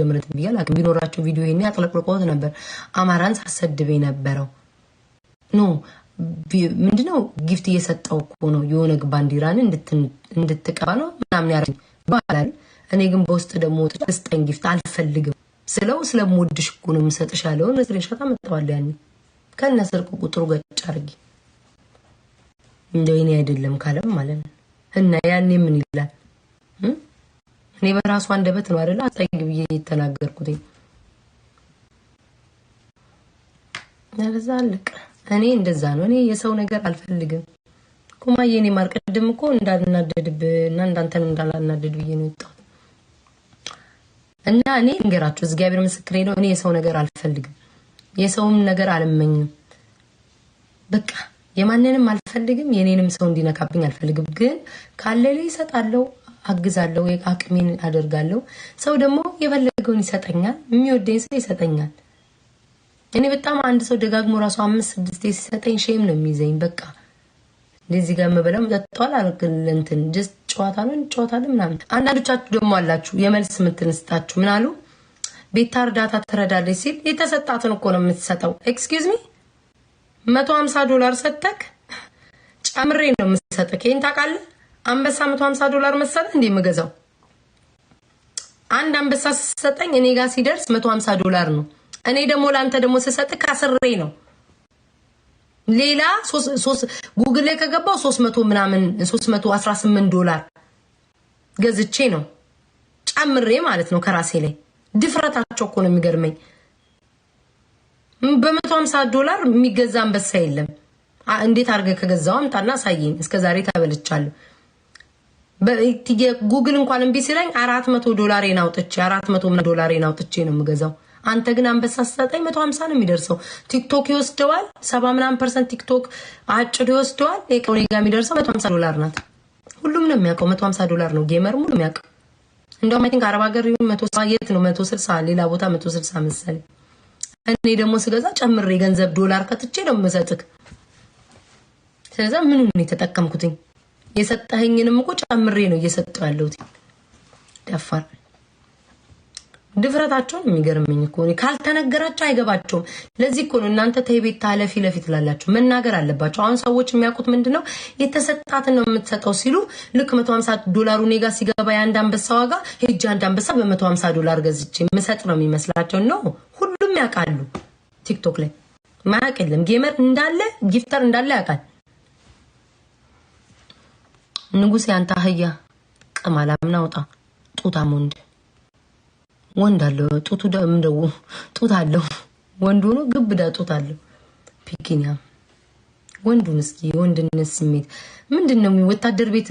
ጀምረት ብዬ አላውቅም። ቢኖራቸው ቪዲዮ ይሄን ያጥለቅልቆት ነበር። አማራን ሳሰድብ ነበረው ኖ ምንድነው ጊፍት እየሰጠው እኮ ነው የሆነ ባንዲራን እንድትቀባ ነው ምናምን ያረ ባላል። እኔ ግን በውስጥ ደግሞ ስጠኝ ጊፍት አልፈልግም ስለው ስለምወድሽ እኮ ነው የምሰጥሽ ያለውን ስክሪንሾት አመጣዋለሁ። ያኔ ከነ ስልክ ቁጥሩ ገጭ አርጊ እንደ የኔ አይደለም ካለም ማለት ነው እና ያኔ ምን ይላል? እኔ በራሱ አንደበት ነው አይደለ አጠግ ብዬ የተናገርኩት። ለዛ አለቀ። እኔ እንደዛ ነው። እኔ የሰው ነገር አልፈልግም። ኩማዬ እኔ ማርቀድም እኮ እንዳልናደድብ እና እንዳንተን እንዳላናደድ ብዬ ነው የወጣሁት። እና እኔ እንገራችሁ እግዚአብሔር ምስክሬ ነው። እኔ የሰው ነገር አልፈልግም፣ የሰውም ነገር አልመኝም። በቃ የማንንም አልፈልግም፣ የኔንም ሰው እንዲነካብኝ አልፈልግም። ግን ካለ ላይ ይሰጣለው፣ አግዛለሁ፣ አቅሜን አደርጋለሁ። ሰው ደግሞ የፈለገውን ይሰጠኛል፣ የሚወደኝ ሰው ይሰጠኛል። እኔ በጣም አንድ ሰው ደጋግሞ ራሱ አምስት ስድስት ሲሰጠኝ ሼም ነው የሚይዘኝ። በቃ እንደዚህ ጋር መበላው ጠጥተዋል አልክልንትን ጀስት ጨዋታ ነው ጨዋታ ምናምን። አንዳንዶቻችሁ ደግሞ አላችሁ የመልስ ምትን ስጣችሁ ምን አሉ ቤታ እርዳታ ትረዳለች ሲል የተሰጣትን እኮ ነው የምትሰጠው። ኤክስኪውዝ ሚ መቶ ሀምሳ ዶላር ሰጠክ ጨምሬ ነው የምትሰጠክ። ይህን ታውቃለህ? አንበሳ መቶ ሀምሳ ዶላር መሰለ እንዴ የምገዛው? አንድ አንበሳ ስሰጠኝ እኔ ጋር ሲደርስ መቶ ሀምሳ ዶላር ነው። እኔ ደግሞ ለአንተ ደግሞ ስሰጥ ካስሬ ነው። ሌላ ጉግል ላይ ከገባው ሶስት መቶ ምናምን ሶስት መቶ አስራ ስምንት ዶላር ገዝቼ ነው ጨምሬ ማለት ነው ከራሴ ላይ። ድፍረታቸው እኮ ነው የሚገርመኝ። በመቶ ሀምሳ ዶላር የሚገዛ አንበሳ የለም። እንዴት አድርገህ ከገዛው አምጣና አሳየኝ። እስከዛሬ ተበልቻለሁ። ጉግል እንኳን እምቢ ሲለኝ አራት መቶ ዶላሬን አውጥቼ አራት መቶ ዶላሬን ናውጥቼ ነው የምገዛው። አንተ ግን አንበሳ ስጠኝ መቶ ሀምሳ ነው የሚደርሰው። ቲክቶክ ይወስደዋል ሰባ ምናምን ፐርሰንት ቲክቶክ አጭዶ ይወስደዋል። የቀኔ ጋ የሚደርሰው መቶ ሀምሳ ዶላር ናት። ሁሉም ነው የሚያውቀው መቶ ሀምሳ ዶላር ነው። ጌመር ሙሉ የሚያውቀው እንደውም አይ ቲንክ አረብ ሀገር ይሁን መቶ የት ነው መቶ ስልሳ ሌላ ቦታ መቶ ስልሳ መሰለኝ። እኔ ደግሞ ስገዛ ጨምሬ ገንዘብ ዶላር ከትቼ ነው የምሰጥክ። ስለዚ ምን ነው የተጠቀምኩትኝ? የሰጠኸኝንም እኮ ጨምሬ ነው እየሰጠው ያለሁት። ደፋር ድፍረታቸውን የሚገርመኝ እኮ ካልተነገራቸው አይገባቸውም። ለዚህ እኮ ነው እናንተ ተይቤት ታለፊ ለፊት ላላቸው መናገር አለባቸው። አሁን ሰዎች የሚያውቁት ምንድን ነው የተሰጣትን ነው የምትሰጠው ሲሉ ልክ ሀምሳ ዶላሩ ኔጋ ሲገባ የአንድ አንበሳ ዋጋ ሄጅ አንድ አንበሳ በመቶ ሀምሳ ዶላር ገዝቼ የምሰጥ ነው የሚመስላቸው ነው። ሁሉም ያውቃሉ። ቲክቶክ ላይ ማያቅልም ጌመር እንዳለ ጊፍተር እንዳለ ያውቃል። ንጉሴ አንተ አህያ ቀማላ ምናውጣ ጡታም ወንድ ወንድ አለው ጡቱ ደምደው ጡት አለው ወንድ ሆኖ ግብዳ ጡት አለው ፒኪኛ ወንዱን እስኪ ወንድነት ስሜት ምንድን ነው? ወታደር ቤት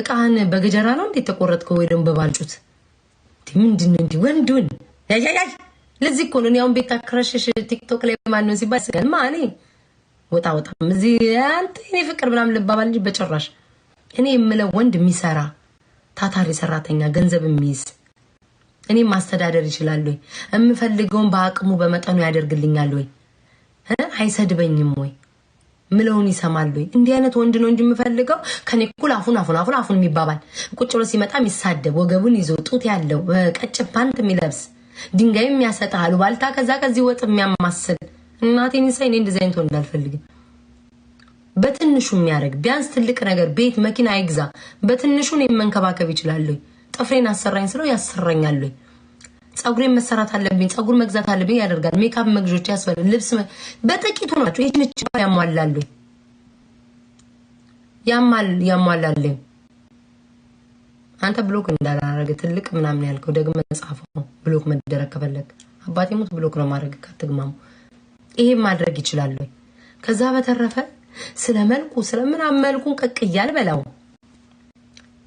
እቃህን በገጀራ ነው እንዴት ተቆረጥከው? ወይ ደግሞ በባልጩት ምንድን ነው? እንዲህ ወንዱን ያያያይ ለዚህ እኮ ነው አሁን ቤታ ክረሽሽ ቲክቶክ ላይ ማን ነው ሲባል ስጋል ማኔ ወጣ ወጣ እዚህ አንተ እኔ ፍቅር ምናምን ልባባል እንጂ በጭራሽ እኔ የምለው ወንድ የሚሰራ ታታሪ ሰራተኛ ገንዘብ የሚይዝ እኔም ማስተዳደር ይችላል ወይ? የምፈልገውን በአቅሙ በመጠኑ ያደርግልኛል ወይ? አይሰድበኝም ወይ? ምለውን ይሰማል ወይ? እንዲህ አይነት ወንድ ነው እንጂ የምፈልገው ከኔ እኩል አፉን አፉን አፉን አፉን የሚባባል ቁጭ ብሎ ሲመጣ የሚሳደብ ወገቡን ይዞ ጡት ያለው ቀጭ ፓንት የሚለብስ ድንጋይ የሚያሰጣ አሉባልታ ከዛ ከዚህ ወጥ የሚያማስል እናቴን ይሳይ። እኔ እንደዚህ አይነት ወንድ አልፈልግም። በትንሹ የሚያደርግ ቢያንስ ትልቅ ነገር ቤት፣ መኪና አይግዛ፣ በትንሹ እኔን መንከባከብ ይችላሉኝ። ጥፍሬን አሰራኝ ስለው ያሰራኛሉኝ። ፀጉሬን መሰራት አለብኝ፣ ፀጉር መግዛት አለብኝ ያደርጋል። ሜካፕ መግዦች ያስፈል ልብስ፣ በጥቂቱ ናቸው። ይህንች ያሟላሉኝ፣ ያሟላልኝ። አንተ ብሎክ እንዳላረገ ትልቅ ምናምን ያልከው ደግመህ ጻፈው። ብሎክ መደረግ ከፈለግ አባቴ ሞት ብሎክ ነው ማድረግ። ካትግማሙ ይሄን ማድረግ ይችላሉ። ከዛ በተረፈ ስለ መልኩ ስለምናምን መልኩን ቀቅያል በላው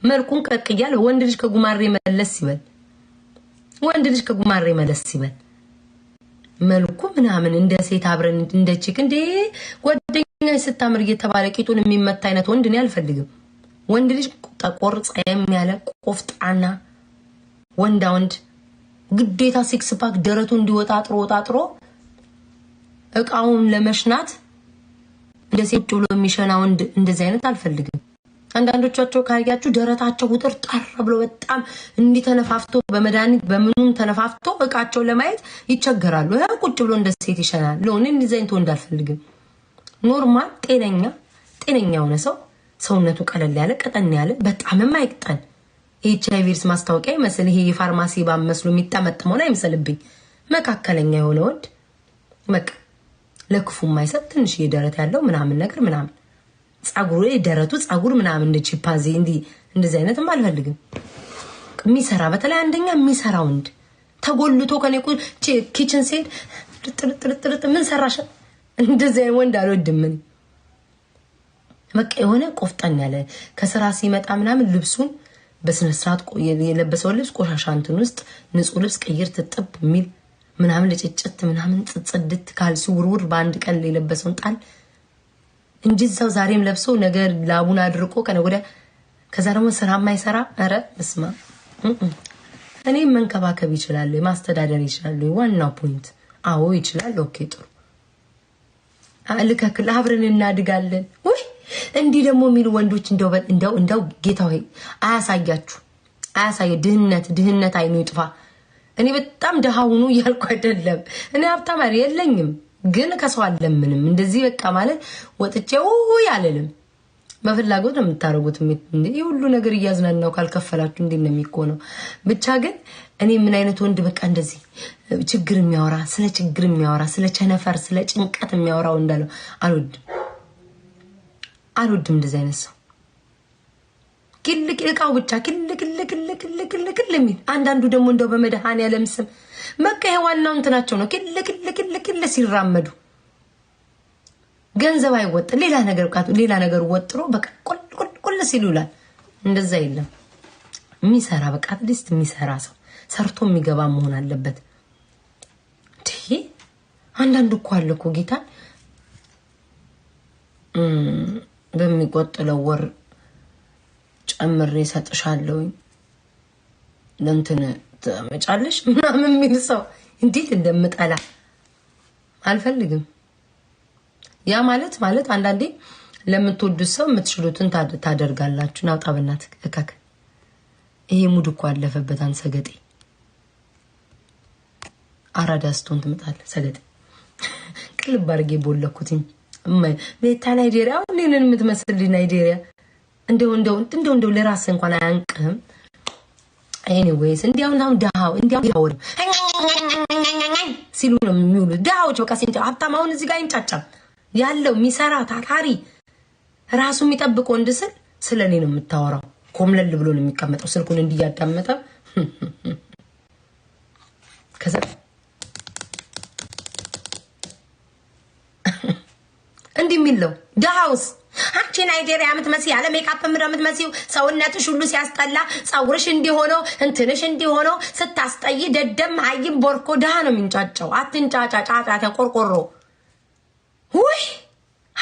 መልኩን ቀቅያል። ወንድ ልጅ ከጉማሬ መለስ ይበል፣ ወንድ ልጅ ከጉማሬ መለስ ይበል። መልኩ ምናምን እንደ ሴት አብረን እንደ ቺክ እንደ ጓደኛ ስታምር እየተባለ ቂጡን የሚመታ አይነት ወንድ እኔ አልፈልግም። ወንድ ልጅ ጠቆር ጸየም ያለ ቆፍጣና ወንዳ ወንድ ግዴታ ሲክስ ፓክ ደረቱ እንዲወጣ ጥሮ ወጣ አጥሮ እቃውን ለመሽናት እንደ ሴት ብሎ የሚሸና ወንድ እንደዚህ አይነት አልፈልግም። አንዳንዶቻቸው ካያችሁ ደረታቸው ውጥር ጠር ብሎ በጣም እንዲተነፋፍቶ በመድኃኒት በምኑም ተነፋፍቶ እቃቸው ለማየት ይቸገራሉ። ያው ቁጭ ብሎ እንደ ሴት ይሸናል። ለሆነ እንደዚህ አይነት ወንድ አልፈልግም። ኖርማል ጤነኛ ጤነኛ የሆነ ሰው ሰውነቱ ቀለል ያለ ቀጠን ያለ በጣም አይቅጠን። ኤች አይ ማስታወቂያ ይመስል ይሄ የፋርማሲ ባመስሉ የሚጠመጥመውን አይመስልብኝ። መካከለኛ የሆነ ወንድ በቃ ለክፉ የማይሰጥ ትንሽ ደረት ያለው ምናምን ነገር ምናምን ጸጉሩ ደረቱ ጸጉር ምናምን እንደ ቺፓንዚ እንዲ እንደዚህ አይነትም አልፈልግም። የሚሰራ በተለይ አንደኛ የሚሰራ ወንድ ተጎልቶ ከኔ ኪችን ሴድ ጥርጥርጥርጥ ምን ሰራሽ? እንደዚህ ወንድ አልወድም። በቃ የሆነ ቆፍጠን ያለ ከስራ ሲመጣ ምናምን ልብሱን በስነስርዓት የለበሰው ልብስ ቆሻሻ እንትን ውስጥ ንጹህ ልብስ ቀይር ትጥብ የሚል ምናምን ለጭጭት ምናምን ጽድት ካልሲ ስውርውር በአንድ ቀን የለበሰውን ጣል እንጂ እዛው ዛሬም ለብሶ ነገ ላቡን አድርቆ ከነ ወደ ከዛ ደግሞ ስራ የማይሰራ ረ እስማ እኔ መንከባከብ ይችላሉ፣ ማስተዳደር ይችላሉ። ዋናው ፖይንት አዎ ይችላል። ኦኬ ጥሩ ልከክል አብረን እናድጋለን። ውይ እንዲህ ደግሞ የሚሉ ወንዶች እንደው ጌታ ሆይ አያሳያችሁ፣ አያሳየ ድህነት ድህነት አይኑ ይጥፋ። እኔ በጣም ድሃ ሁኑ እያልኩ አይደለም። እኔ ሀብታም የለኝም፣ ግን ከሰው አለምንም። እንደዚህ በቃ ማለት ወጥቼ ውይ አልልም። በፍላጎት ነው የምታደርጉት። ይህ ሁሉ ነገር እያዝናናው ካልከፈላችሁ እንዴት ነው የሚሆነው? ብቻ ግን እኔ ምን አይነት ወንድ በቃ እንደዚህ ችግር የሚያወራ ስለ ችግር የሚያወራ ስለ ቸነፈር ስለ ጭንቀት የሚያወራው እንዳለው አልወድም፣ አልወድም እንደዚህ አይነት ሰው ግልግ እቃው ብቻ ግልግ ግልግ ግልግ የሚል አንዳንዱ ደግሞ እንደው በመድኃኔዓለም ስም መካ ይሄ ዋናው እንትናቸው ነው። ግልግ ግልግ ግልግ ሲራመዱ ገንዘብ አይወጥ ሌላ ነገር ሌላ ነገር ወጥሮ በቃ ቁል ቁል ቁል ሲሉ ይላል። እንደዛ የለም የሚሰራ በቃ አትሊስት የሚሰራ ሰው ሰርቶ የሚገባ መሆን አለበት። አንዳንዱ እኮ አለ እኮ ጌታን በሚቆጥለው ወር ጨምሬ ሰጥሻለሁኝ ለእንትን ትመጫለሽ ምናምን የሚል ሰው እንዴት እንደምጠላ አልፈልግም። ያ ማለት ማለት አንዳንዴ ለምትወዱት ሰው የምትችሉትን ታደርጋላችሁ። ናውጣ በእናትህ እካክ፣ ይሄ ሙድ እኮ አለፈበት። አንድ ሰገጤ አራዳ ስቶን ትመጣለህ። ሰገጤ ቅልብ አድርጌ ቦለኩትኝ። ሜታ ናይጄሪያ፣ ሌንን የምትመስል ናይጄሪያ እንደው እንደው እንደው እንደው ለራስህ እንኳን አያንቅህም። ኤኒዌይስ እንዲያው አሁን ድሃው እንዲያው ይወድ ሲሉ ነው የሚውሉት ድሃዎች። በቃ ሲንጫ ሀብታም አሁን እዚህ ጋር አይንጫጫም ያለው የሚሰራ ታታሪ ራሱ የሚጠብቀው እንድስል ስለ እኔ ነው የምታወራው። ኮምለል ብሎ ነው የሚቀመጠው ስልኩን እንዲያዳመጠ ከዛ እንዲህ የሚለው ድሃውስ አንቺ ናይጄሪያ የምትመስይ ያለ ሜካፕ ምድር የምትመስይው ሰውነትሽ ሁሉ ሲያስጠላ ፀጉርሽ እንዲሆኖ እንትንሽ እንዲሆኖ ስታስጠይ ደደም አይም ቦርኮ ድሃ ነው የሚንጫጫው። አትንጫጫ ጫጫ ተቆርቆሮ። ውይ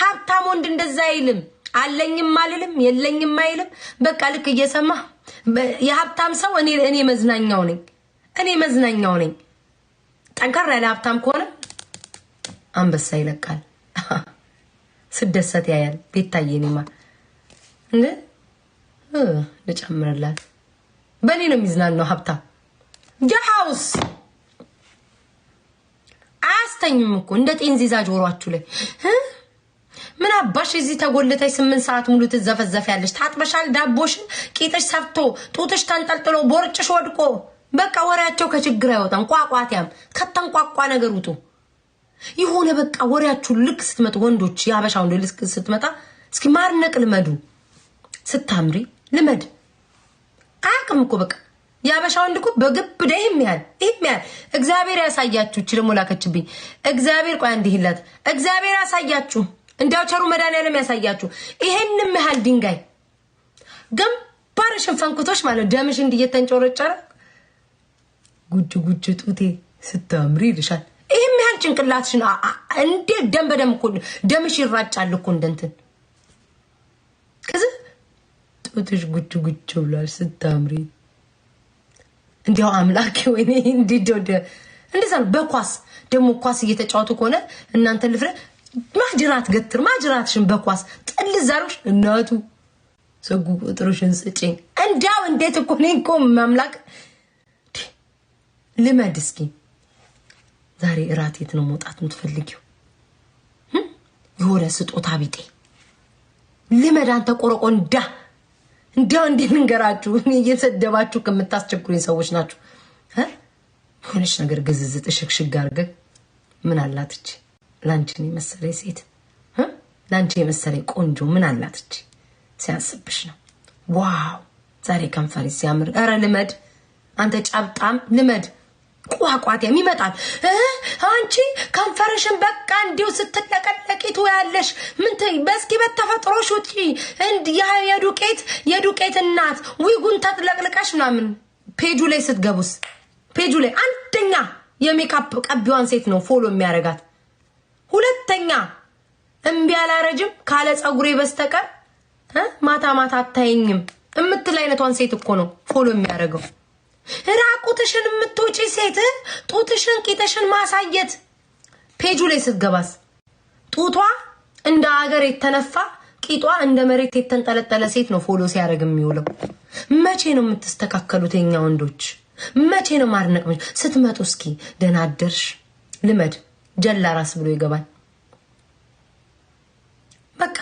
ሀብታም ወንድ እንደዛ አይልም። አለኝም አልልም የለኝም አይልም። በቃ ልክ እየሰማ የሀብታም ሰው እኔ እኔ መዝናኛው ነኝ እኔ መዝናኛው ነኝ። ጠንካራ ያለ ሀብታም ከሆነ አንበሳ ይለቃል። ስደሰት ያያል። ቤታዬ እኔማ እንደ ልጨምርላት በእኔ ነው የሚዝናናው። ሀብታ ጃሃውስ አያስተኝም እኮ እንደ ጤንዚዛ ጆሯችሁ ላይ ምን አባሽ እዚህ ተጎልተሽ ስምንት ሰዓት ሙሉ ትዘፈዘፍ ያለሽ ታጥበሻል። ዳቦሽን ቂጥሽ ሰብቶ ጡትሽ ተንጠልጥሎ ቦርጭሽ ወድቆ በቃ ወሬያቸው ከችግር አይወጣም። ቋቋትያም ከተንቋቋ ነገር ውጡ። የሆነ በቃ ወሬያችሁን ልክ ስትመጡ ወንዶች የሀበሻ ወንዶች ልክ ስትመጣ እስኪ ማድነቅ ልመዱ። ስታምሪ ልመድ አያውቅም እኮ በቃ የሀበሻ ወንድ እኮ በግብ ይህም ያህል ይህም ያህል እግዚአብሔር ያሳያችሁ። እች ደግሞ ላከችብኝ። እግዚአብሔር ቆይ አንድ ይላት እግዚአብሔር ያሳያችሁ። እንዲያው ቸሩ መድኃኒዓለም ያሳያችሁ። ይሄንም ያህል ድንጋይ ግንባርሽን ፈንክቶሽ ማለት ደምሽ እንዲህ ጉጅ ጉጅ ጡቴ ስታምሪ ይልሻል። ያህል ጭንቅላትሽን እንዴ ደም በደም እኮ ደምሽ ይራጫል እኮ እንደንትን ከዚህ ጡትሽ ጉጭ ጉጭ ብሏል። ስታምሪ እንዲያው አምላኬ ወይኔ እንዲደ እንደዛ ነው። በኳስ ደግሞ ኳስ እየተጫወቱ ከሆነ እናንተ ልፍረ ማጅራት ገትር ማጅራትሽን በኳስ ጥል ዛሮች እናቱ ሰጉ ቁጥርሽን ስጭኝ። እንዲያው እንዴት እኮ እኔ እኮ ማምላክ ልመድ እስኪ ዛሬ እራት የት ነው መውጣት የምትፈልጊው? የሆነ ስጦታ ቢጤ ልመድ አንተ ቆረቆ እንዳ እንዲያ እንዴት ልንገራችሁ፣ እየሰደባችሁ ከምታስቸግሩኝ ሰዎች ናችሁ። የሆነች ነገር ግዝዝጥ ሽግሽግ አርገ ምን አላትች ለአንቺን የመሰለ ሴት ለአንቺ የመሰለ ቆንጆ ምን አላትች። ሲያስብሽ ነው። ዋው ዛሬ ከንፈሪ ሲያምር። ኧረ ልመድ አንተ ጫብጣም ልመድ ቋቋቴም ይመጣል። አንቺ ካንፈረሽን በቃ እንዲሁ ስትለቀለቂ ትወያለሽ። ምን በስኪ በተፈጥሮሽ ውጪ እንድ የዱቄት የዱቄት እናት ዊጉን ተጥለቅልቀሽ ምናምን ፔጁ ላይ ስትገቡስ ፔጁ ላይ አንደኛ የሜካፕ ቀቢዋን ሴት ነው ፎሎ የሚያደርጋት። ሁለተኛ እምቢ አላረጅም ካለ ፀጉሬ በስተቀር ማታ ማታ አታየኝም እምትል አይነቷን ሴት እኮ ነው ፎሎ የሚያደርገው። ራቁትሽን የምትወጪ ሴት ጡትሽን ቂጥሽን ማሳየት ፔጁ ላይ ስትገባስ ጡቷ እንደ አገር የተነፋ ቂጧ እንደ መሬት የተንጠለጠለ ሴት ነው ፎሎ ሲያደርግ የሚውለው። መቼ ነው የምትስተካከሉት? የኛ ወንዶች መቼ ነው ማድነቅ? ስትመጡ እስኪ ደህና አደርሽ ልመድ ጀላ ራስ ብሎ ይገባል። በቃ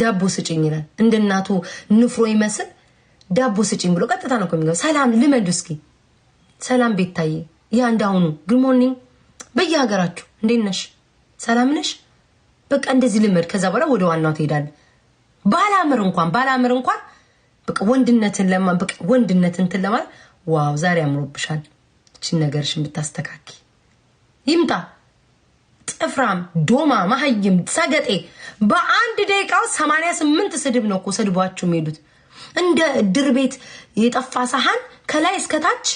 ዳቦ ስጭኝ ይላል። እንደ እናቱ ንፍሮ ይመስል ዳቦ ስጪኝ ብሎ ቀጥታ ነው የሚገባ። ሰላም ልመዱ እስኪ ሰላም ቤታዬ፣ ያ እንዳሁኑ ጉድ ሞርኒንግ በየሀገራችሁ እንዴት ነሽ? ሰላም ነሽ? በቃ እንደዚህ ልመድ። ከዛ በኋላ ወደ ዋናው ትሄዳለህ። ባላምር እንኳን ባላምር እንኳን በቃ ወንድነትን ለማ በቃ ወንድነትን እንትን ለማለት ዋው ዛሬ አምሮብሻል፣ እችን ነገርሽን ብታስተካኪ ይምጣ። ጥፍራም፣ ዶማ፣ መሀይም፣ ሰገጤ በአንድ ደቂቃ ውስጥ 88 ስድብ ነው እኮ ሰድቧችሁ የሚሄዱት። እንደ ድር ቤት የጠፋ ሳህን ከላይ እስከ ታች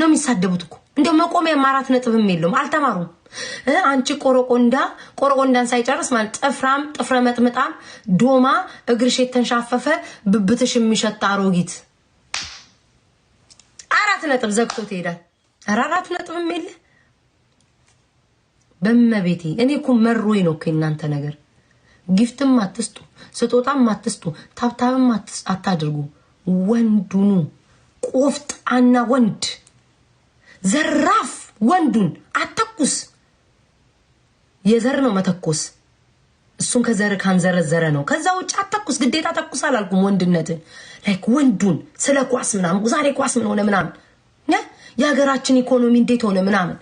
ነው የሚሳደቡት እኮ። እንደው መቆሚያ አራት ነጥብም የለውም። አልተማሩም። አንቺ ቆረቆንዳ ቆረቆንዳን ሳይጨርስ ማለት ጥፍራም፣ ጥፍረ መጥምጣም፣ ዶማ፣ እግርሽ የተንሻፈፈ ብብትሽ የሚሸት አሮጊት አራት ነጥብ ዘግቶ ትሄዳል። ኧረ አራት ነጥብም የለ በመቤቴ። እኔ እኮ መሮኝ ነው እናንተ ነገር። ጊፍትም አትስጡ። ስጦታም አትስጡ፣ ታብታብም አታድርጉ። ወንዱኑ ቆፍጣና ወንድ ዘራፍ ወንዱን አተኩስ። የዘር ነው መተኮስ፣ እሱን ከዘር ካንዘረዘረ ነው። ከዛ ውጭ አተኩስ። ግዴታ ተኩስ አላልኩም። ወንድነትን ላይክ ወንዱን ስለ ኳስ ምናምን ዛሬ ኳስ ምን ሆነ ምናምን የሀገራችን ኢኮኖሚ እንዴት ሆነ ምናምን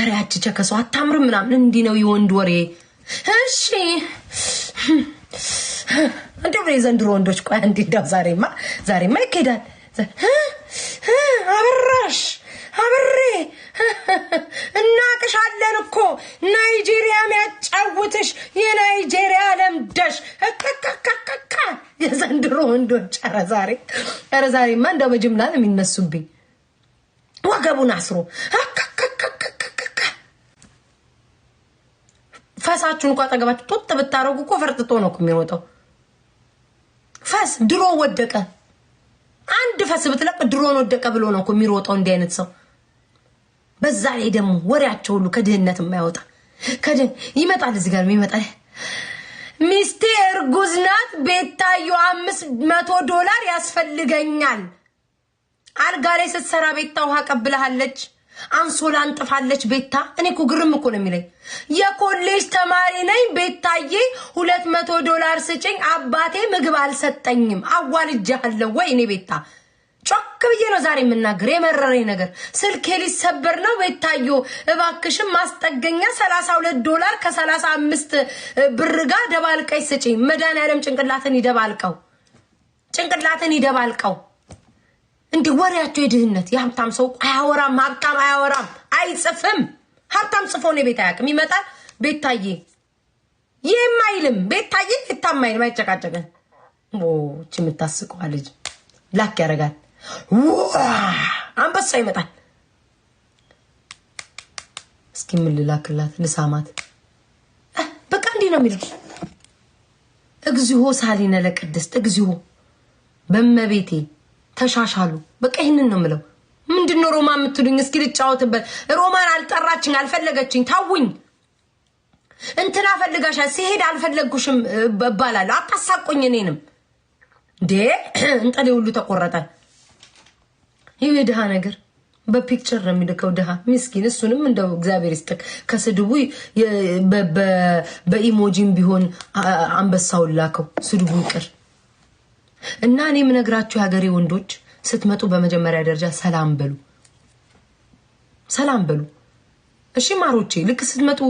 ኧረ ያቺ ቸከሰው አታምርም ምናምን እንዲህ ነው የወንድ ወሬ እሺ እንደምን የዘንድሮ ወንዶች ቆይ አንዴ ዛሬማ ዛሬማ ይካሄዳል። አበራሽ አብሬ እናቅሻለን እኮ ናይጄሪያ ሚያጫውትሽ የናይጄሪያ ለምደሽ እካካካካካ የዘንድሮ ወንዶች። ኧረ ዛሬ ኧረ ዛሬማ እንደው በጅምላ ነው የሚነሱብኝ ወገቡን አስሮ ፈሳችሁን እኮ አጠገባችሁ ጦጥ ብታደረጉ እኮ ፈርጥቶ ነው የሚሮጠው ፈስ። ድሮ ወደቀ አንድ ፈስ ብትለቅ ድሮን ወደቀ ብሎ ነው የሚሮጠው እንዲህ አይነት ሰው። በዛ ላይ ደግሞ ወሬያቸው ሁሉ ከድህነት የማይወጣ ይመጣል። እዚህ ጋር ይመጣል። ሚስቴ እርጉዝ ናት። ቤታዩ አምስት መቶ ዶላር ያስፈልገኛል። አልጋ ላይ ስትሰራ ቤታ ውሃ ቀብልሃለች። አንሶላ አንጥፋለች ቤታ። እኔ እኮ ግርም እኮ ነው የሚለኝ። የኮሌጅ ተማሪ ነኝ ቤታዬ፣ ሁለት መቶ ዶላር ስጭኝ፣ አባቴ ምግብ አልሰጠኝም፣ አዋልጃለሁ ወይ? እኔ ቤታ ጮክ ብዬ ነው ዛሬ የምናገር፣ የመረረኝ ነገር። ስልኬ ሊሰበር ነው ቤታዮ፣ እባክሽም ማስጠገኛ ሰላሳ ሁለት ዶላር ከሰላሳ አምስት ብር ጋር ደባልቀኝ ስጪኝ። መድኃኒዓለም ጭንቅላትን ይደባልቀው፣ ጭንቅላትን ይደባልቀው። እንዲ ወሬያቸው የድህነት የሀብታም ሰው አያወራም፣ ሀብታም አያወራም፣ አይጽፍም። ሀብታም ጽፎ ነው ቤት አያውቅም። ይመጣል ቤታዬ ይህም አይልም። ቤታዬ ይታም አይልም። አይጨቃጨቅም። ች የምታስቀዋ ልጅ ላክ ያደርጋል። አንበሳ ይመጣል። እስኪ ምን ልላክላት? ልሳማት። በቃ እንዲህ ነው የሚለው። እግዚኦ ሳሊነ ለቅድስት እግዚኦ በመቤቴ ተሻሻሉ። በቃ ይህንን ነው ምለው። ምንድን ነው ሮማ የምትሉኝ? እስኪ ልጫወትበት። ሮማን አልጠራችኝ፣ አልፈለገችኝ፣ ታውኝ እንትና ፈልጋሻል ሲሄድ አልፈለግኩሽም እባላለሁ። አታሳቆኝ እኔንም እንዴ እንጠሌ ሁሉ ተቆረጠ። ይህ የድሃ ነገር በፒክቸር ነው የሚልከው ድሃ ምስኪን። እሱንም እንደው እግዚአብሔር ይስጥቅ ከስድቡ በኢሞጂም ቢሆን አንበሳውን ላከው። ስድቡ ይቅር። እና እኔ የምነግራችሁ የሀገሬ ወንዶች ስትመጡ በመጀመሪያ ደረጃ ሰላም በሉ፣ ሰላም በሉ። እሺ ማሮቼ፣ ልክ ስትመጡ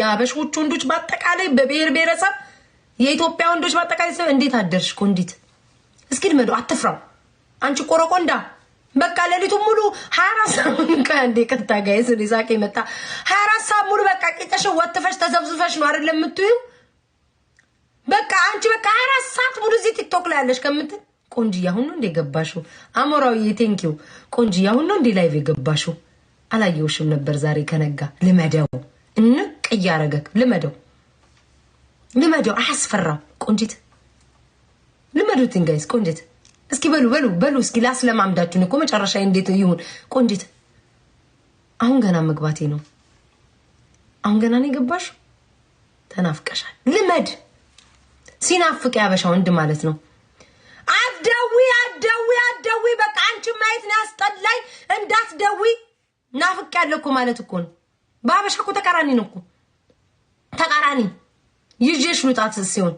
የአበሾች ወንዶች በአጠቃላይ በብሔር ብሔረሰብ የኢትዮጵያ ወንዶች በአጠቃላይ እንዴት አደርሽ እኮ እንዴት እስኪ ልመዱ፣ አትፍራው። አንቺ ቆረቆንዳ በቃ ሌሊቱን ሙሉ ሀያ አራት ሰዓት እንዴ ቅጥታ ጋይስ ሳቄ መጣ። ሀያ አራት ሰዓት ሙሉ በቃ ቂጥሽን ወትፈሽ ተዘብዝፈሽ ነው አይደለም የምትዩ በቃ አንቺ በቃ አራት ሰዓት ሙሉ እዚህ ቲክቶክ ላይ ያለሽ ከምትል ቆንጂ አሁን እንዴ እንደ ገባሽው። አሞራዊ ቴንኪው ቆንጂ አሁን ነው እንደ ላይቭ የገባሽው። አላየውሽም ነበር ዛሬ ከነጋ። ልመደው እንቅ እያረገክ ልመደው፣ ልመደው አያስፈራም። ቆንጂት ልመዱትን ጋይስ። ቆንጂት እስኪ በሉ በሉ በሉ እስኪ ላስለማምዳችሁን እኮ መጨረሻ እንዴት ይሁን። ቆንጂት አሁን ገና መግባቴ ነው። አሁን ገና ነው የገባሽው። ተናፍቀሻል። ልመድ ሲናፍቅ ያበሻ ወንድ ማለት ነው። አደዊ አደዊ አደዊ በቃ አንቺ ማየት ነው ያስጠላኝ፣ እንዳትደዊ ናፍቅ ያለ እኮ ማለት እኮ ነው። በአበሻ እኮ ተቃራኒ ነው እኮ ተቃራኒ። ይዤሽ ልውጣት ሲሆን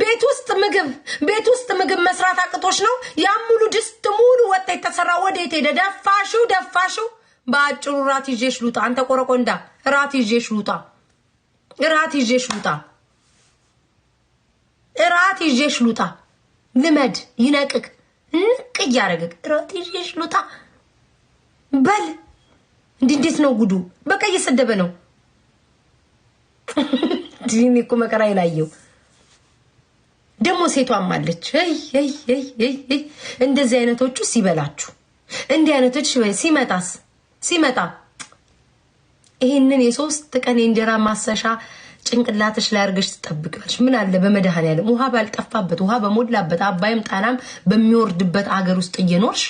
ቤት ውስጥ ምግብ ቤት ውስጥ ምግብ መስራት አቅቶች ነው። ያም ሙሉ ድስት ሙሉ ወጥ የተሰራ ወዴት ሄደ? ደፋሽው ደፋሽው። በአጭሩ ራት ይዤሽ ልውጣ። አንተ ቆረቆንዳ ራት ይዤሽ ልውጣ። ራት ይዤሽ ልውጣ። እራት ይዤሽ ሉጣ ልመድ ይነቅቅ ንቅ እያረግቅ እራት ይዤሽ ሉጣ በል እንዲ እንዴት ነው ጉዱ? በቃ እየሰደበ ነው። እኔ እኮ መከራ ይላየው ደግሞ ሴቷም አለች። እንደዚህ አይነቶቹ ሲበላችሁ እንዲህ አይነቶች ሲመጣስ ሲመጣ ይህንን የሶስት ቀን የእንጀራ ማሰሻ ጭንቅላትሽ ላይ አድርገሽ ትጠብቂያለሽ። ምን አለ በመድኃኔዓለም ውሃ ባልጠፋበት ውሃ በሞላበት አባይም ጣናም በሚወርድበት አገር ውስጥ እየኖርሽ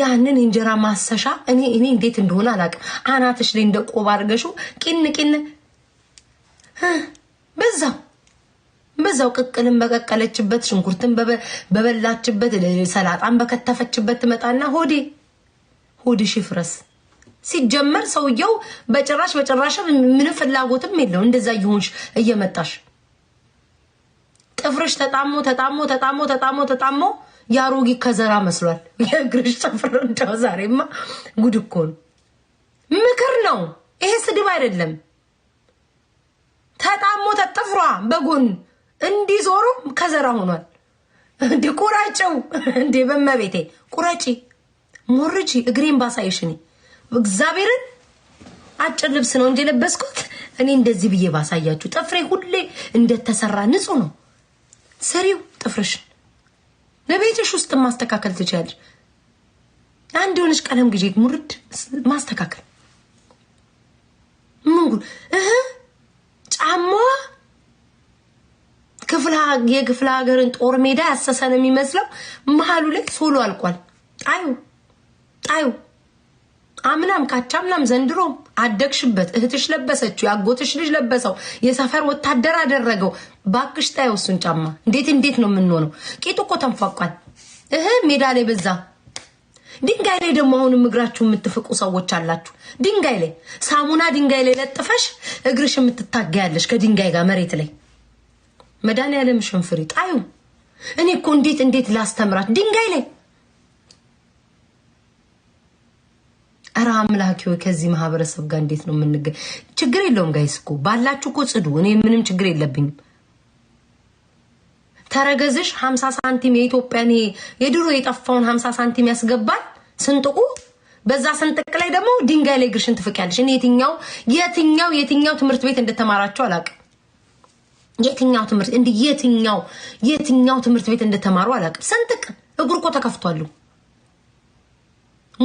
ያንን እንጀራ ማሰሻ እኔ እኔ እንዴት እንደሆነ አላውቅም። አናትሽ ላይ እንደ ቆብ አድርገሽው ቂን ቂን በዛው በዛው ቅቅልን በቀቀለችበት ሽንኩርትን በበላችበት ሰላጣን በከተፈችበት ትመጣና ሆዴ ሆድሽ ይፍረስ ሲጀመር ሰውየው በጭራሽ በጭራሽ ምንም ፍላጎትም የለው። እንደዛ ይሁንሽ እየመጣሽ ጥፍርሽ ተጣሞ ተጣሞ ተጣሞ ተጣሞ ተጣሞ የአሮጊት ከዘራ መስሏል። የእግርሽ ጥፍር እንደው ዛሬማ ጉድ እኮ ነው። ምክር ነው ይሄ፣ ስድብ አይደለም። ተጣሞ ተጥፍሯ በጎን እንዲዞሩ ከዘራ ሆኗል። እንዲ ቁራጭው እንዴ! በመቤቴ ቁረጪ፣ ሞርጪ፣ እግሬን ባሳይሽኒ እግዚአብሔርን አጭር ልብስ ነው እንጂ የለበስኩት እኔ እንደዚህ ብዬ ባሳያችሁ፣ ጥፍሬ ሁሌ እንደተሰራ ንጹህ ነው። ሰሪው ጥፍርሽን ለቤትሽ ውስጥ ማስተካከል ትችላለሽ። አንድ የሆነች ቀለም ጊዜ ሙርድ ማስተካከል ምንጉ እህ ጫማዋ ክፍለ የክፍለ ሀገርን ጦር ሜዳ ያሰሰን የሚመስለው መሀሉ ላይ ሶሎ አልቋል። ጣዩ ጣዩ አምናም ካቻምናም ዘንድሮም አደግሽበት። እህትሽ ለበሰችው፣ ያጎትሽ ልጅ ለበሰው፣ የሰፈር ወታደር አደረገው። ባክሽ ጣይው እሱን ጫማ። እንዴት እንዴት ነው የምንሆነው? ቂጡ እኮ ተንፏቋል። እህ ሜዳ ላይ በዛ ድንጋይ ላይ ደግሞ አሁንም እግራችሁ የምትፍቁ ሰዎች አላችሁ። ድንጋይ ላይ ሳሙና ድንጋይ ላይ ለጥፈሽ እግርሽ የምትታገያለሽ ከድንጋይ ጋር መሬት ላይ መድኃኒዓለም ሽንፍሪ ጣዩ። እኔ እኮ እንዴት እንዴት ላስተምራችሁ ድንጋይ ላይ ኧረ አምላኪ ሆይ ከዚህ ማህበረሰብ ጋር እንዴት ነው የምንገ ችግር የለውም ጋይስ እኮ ባላችሁ እኮ ጽዱ። እኔ ምንም ችግር የለብኝም። ተረገዝሽ ሀምሳ ሳንቲም የኢትዮጵያን የድሮ የጠፋውን ሀምሳ ሳንቲም ያስገባል ስንጥቁ በዛ ስንጥቅ ላይ ደግሞ ድንጋይ ላይ ግርሽን ትፍቅያለሽ። እኔ የትኛው የትኛው የትኛው ትምህርት ቤት እንደተማራቸው አላውቅም። የትኛው ትምህርት እንደ የትኛው የትኛው ትምህርት ቤት እንደተማሩ አላውቅም። ስንጥቅ እግር እኮ ተከፍቷል።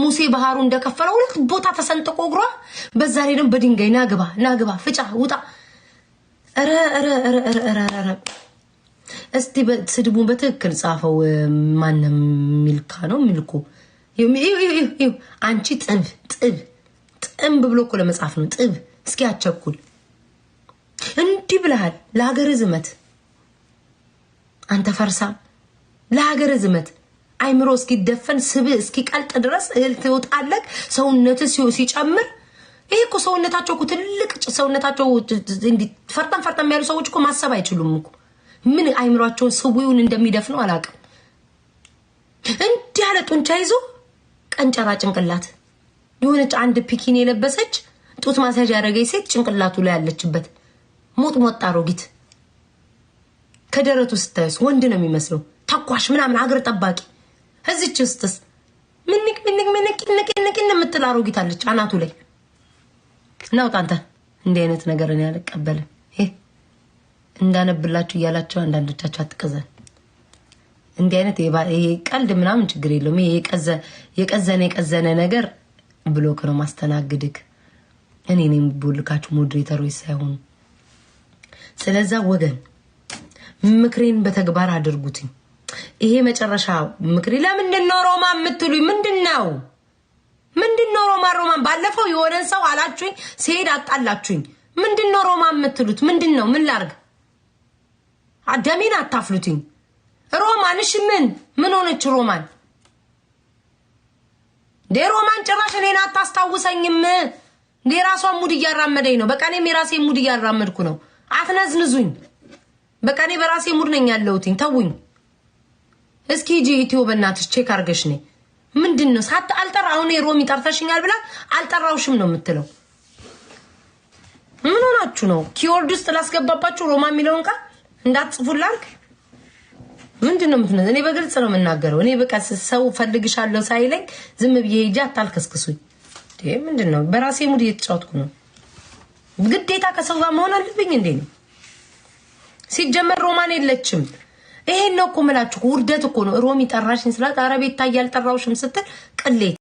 ሙሴ ባህሩ እንደከፈለ ሁለት ቦታ ተሰንጥቆ እግሯ በዛ ላይ ደግሞ በድንጋይ ናግባ ናግባ ፍጫ ውጣ። ኧረ ኧረ ኧረ ኧረ ኧረ እስቲ ስድቡን በትክክል ጻፈው። ማንም ሚልካ ነው ሚልኮ። አንቺ ጥንብ ጥብ ጥንብ ብሎ እኮ ለመጻፍ ነው ጥብ። እስኪ አቸኩል እንዲህ ብለሃል። ለሀገር ዝመት አንተ ፈርሳ ለሀገር ዝመት አይምሮ እስኪደፈን ስብ እስኪቀልጥ ድረስ እህል ትውጣለቅ ሰውነት ሲጨምር ይሄ እኮ ሰውነታቸው እኮ ትልቅ ሰውነታቸው ፈርጠም ፈርጠም ያሉ ሰዎች እኮ ማሰብ አይችሉም እኮ ምን አይምሯቸውን ስዊውን እንደሚደፍነው አላውቅም። እንዲህ ያለ ጡንቻ ይዞ ቀንጨራ ጭንቅላት የሆነች አንድ ፒኪን የለበሰች ጡት ማሳጅ ያደረገች ሴት ጭንቅላቱ ላይ ያለችበት ሞጥ ሞጣ አሮጊት ከደረቱ ስታዩስ ወንድ ነው የሚመስለው ተኳሽ ምናምን አገር ጠባቂ እዚች ውስጥስ ምንቅ ምንቅ ምንቅ ንቅ ንቅ የምትል አሮጊት አለች አናቱ ላይ እናውጣ። አንተ እንዲህ አይነት ነገር እኔ አልቀበልም። ይሄ እንዳነብላችሁ እያላቸው አንዳንዶቻቸው አትቀዘን። እንዲህ አይነት ቀልድ ምናምን ችግር የለውም። ይሄ የቀዘነ የቀዘነ ነገር ብሎክ ነው ማስተናግድክ። እኔ እኔም ቦልካችሁ ሞዴሬተሮች ሳይሆኑ ስለዛ ወገን ምክሬን በተግባር አድርጉትኝ። ይሄ መጨረሻ ምክሪ ለምንድን ነው ሮማ የምትሉኝ? ምንድን ነው ምንድን ነው ሮማ ሮማን? ባለፈው የሆነን ሰው አላችሁኝ፣ ሲሄድ አጣላችሁኝ። ምንድን ነው ሮማ የምትሉት? ምንድን ነው? ምን ላርግ? ደሜን አታፍሉትኝ። ሮማን እሺ፣ ምን ምን ሆነች ሮማን? ዴ ሮማን ጭራሽ እኔን አታስታውሰኝም። እንዴ ራሷን ሙድ እያራመደኝ ነው። በቃ እኔም የራሴ ሙድ እያራመድኩ ነው። አትነዝንዙኝ። በቃ እኔ በራሴ ሙድ ነኝ ያለሁትኝ። ተውኝ። እስኪ ሂጂ ኢትዮ በእናትሽ ቼክ አርገሽ ነይ። ምንድን ነው ሳት አልጠራ አሁን ሮሚ ጠርተሽኛል ብላ አልጠራውሽም ነው የምትለው። ምን ሆናችሁ ነው? ኪወርድ ውስጥ ላስገባባችሁ ሮማ የሚለውን ቃል እንዳትጽፉላልክ ምንድን ነው የምትነ እኔ በግልጽ ነው የምናገረው። እኔ በቃ ሰው ፈልግሻለሁ ሳይለኝ ዝም ብዬ ሂጂ አታልከስክሱኝ። ምንድን ነው በራሴ ሙድ እየተጫወትኩ ነው። ግዴታ ከሰው ጋር መሆን አለብኝ እንዴ ነው? ሲጀመር ሮማን የለችም። ይሄን ነው እኮ የምላችሁ። ውርደት እኮ ነው። ሮሚ ጠራሽኝ ስላት አረቤ ይታያል ጠራውሽም ስትል ቅሌት